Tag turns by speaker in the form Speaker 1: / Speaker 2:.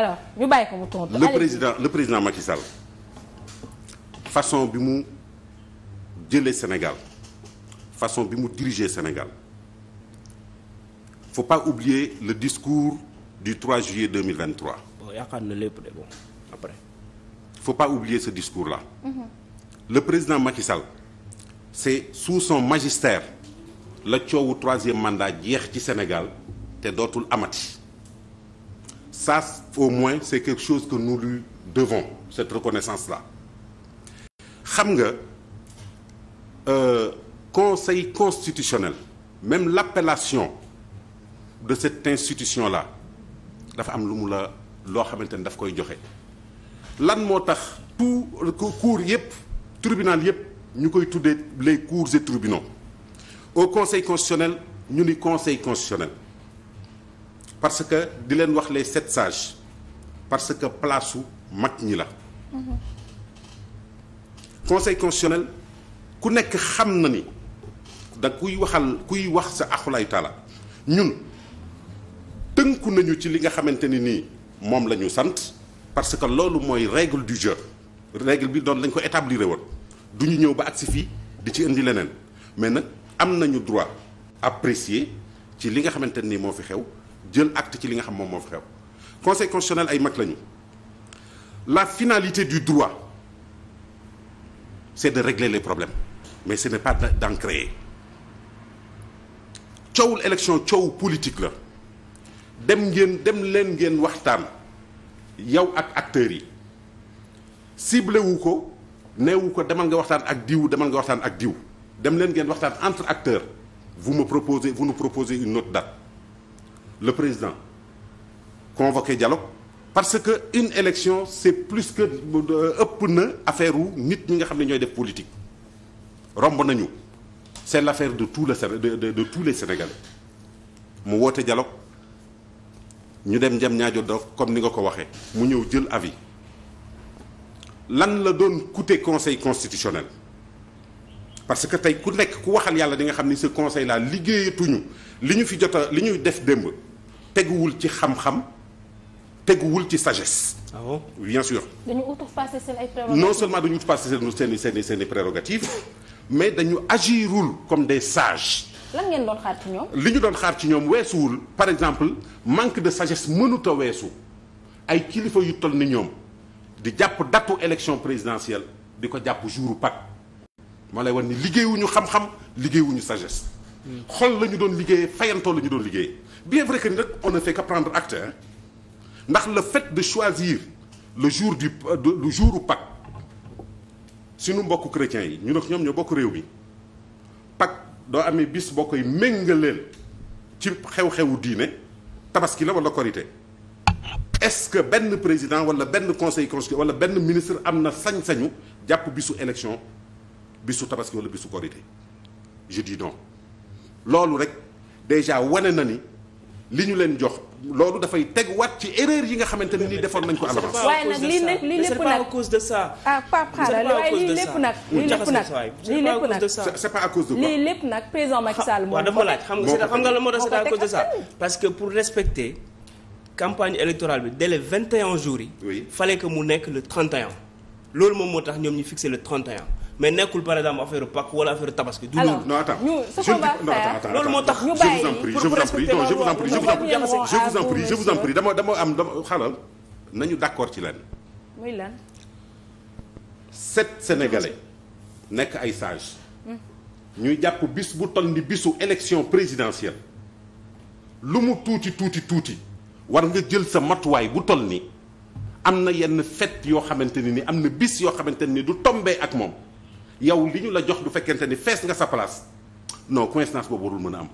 Speaker 1: alors ñu le président makisal façon bi mu jëlee Sénégal façon bi mu diriger Sénégal faut pas oublier le discours du 3 juillet 2023. bon yaakaar na lépp de bon après. faut pas oublier ce discours là. Mm-hmm. le président Macky Sall c'est sous son magistère la coowu troisième mandat jeex ci Sénégal te dootul amati. Ça, au moins, c'est quelque chose que nous lui devons, cette reconnaissance la xam nga euh, conseil constitutionnel même l'appellation de cette institution la dafa am lu mu la loo xamante ni daf koy joxe lan moo tax tout cour yëpp tribunal yëpp ñu koy tuddee les cours et tribunaux au conseil constitutionnel ñu ni conseil constitutionnel parce que di leen wax les sept parce que place su mag ñi la. conseil constitutionnel ku nekk xam na ni da kuy waxal kuy wax sa axulaayu taala ñun tënku nañu ci li nga xamante ni nii moom la ñu sant parce que loolu mooy règle du jeu règle bi doon lañ ko établir woon du ñu ñëw ba agsi fii di ci indi leneen mais nag am nañu droit apprécier ci li nga xamante ni moo fi xew. jël acte ci li nga xam moom moo fi xew conseil constitutionnel ay mag lañu la finalité du droit c'est de régler les problèmes mais ce ne pas d'en créer coowul élection coowu politique la dem ngeen dem leen ngeen waxtaan yow ak acteurs yi ciblé wu ko neewu ko demal nga waxtaan ak diw demal nga waxtaan ak diw dem leen ngeen waxtaan entre acteurs vous me proposez vous nu proposez une autre date le président convoqué dialogue parce que une élection c'est plus que euh, ëpp na affaire wu nit ñi nga xam ne ñooy def politique romb nañu c'est l'affaire de tout le de, de, de tous les Sénégalais mu woote dialogue ñu dem ñaa ñaajo dof comme ni nga ko waxee mu ñëw jël avis lan la doon coûter conseil constitutionnel parce que tey ku nekk ku waxal yàlla di nga xam ni ce conseil là liggéeyatuñu li ñu fi jot a li ñuy def démb teguwul ci xam-xam teguwul ci sagesse. waaw ah bien sûr. dañu outrepassé seen ay prérogatives non seulement dañu outrepassé seen seen seen i prérogatives mais dañu agirul comme des sages. lan ngeen doon xaar ci ñoom. li ñu doon xaar ci ñoom weesuwul par exemple manque de sagesse mënut a weesu ay kilifa yu toll ni ñoom di jàpp datu élection présidentielle di ko jàpp jouru Pâques moo lay wan ni liggéeyuñu xam-xam liggéeyuñu sages xol la ñu doon liggéeyee fayantoo la ñu doon liggéey bi vrai que ni nag on ne fait que prendre acte ndax le fait de choisir lu jour du euh, le jour u Pâques suñu mbokku chrétiens yi ñu nag ñoom ñoo bokk réew mi Pâques doo amee bis boo koy méngaleel ci xew-xewu diine tabaski la wala korité est-ce que benn président wala benn conseil constitutionnel wala benn ministre am na sañ-sañu jàpp bisu élection bisu tabaski wala bisu korité je dis loolu rek déjà wane na ni li ñu leen jox loolu dafay wat ci erreur yi nga xamante ne ni defoon nañ ko à l'avance. waaye nag lii lépp lii lépp nag c'est pas à cause de ça. ah Pape Alé waaye lii lépp nag. lii lépp nag lii lépp nag lii lépp nag président Macky Sall ah, moo dafa laaj xam nga la moo tax c'est à cause de ça parce que pour respecter campagne électorale bi dès le 21 jours yi. oui fallait mu nekk le 31. loolu moom moo tax ñoom ñu fixé le 31. mais nekkul par exemple affaire pàkk wala affaire tabaski. du loolu non attends je non loolu moo tax. ñu bàyyi je vous en prie non je vous en prie je en prie dama dama am xalal nañu d'accord ci lenn. muy lan. set sénégalais nekk ay sages. ñuy jàpp bis bu toll ni bisu élection présidentielle lu mu tuuti tuuti tuuti war nga jël sa matuwaay bu toll ni am na yenn fête yoo xamante ne ni am na bis yoo xamante ne ni du tombé ak moom. yow li ñu la jox du fekkente ni fees nga sa place non coïncidence boobu warul mën a am.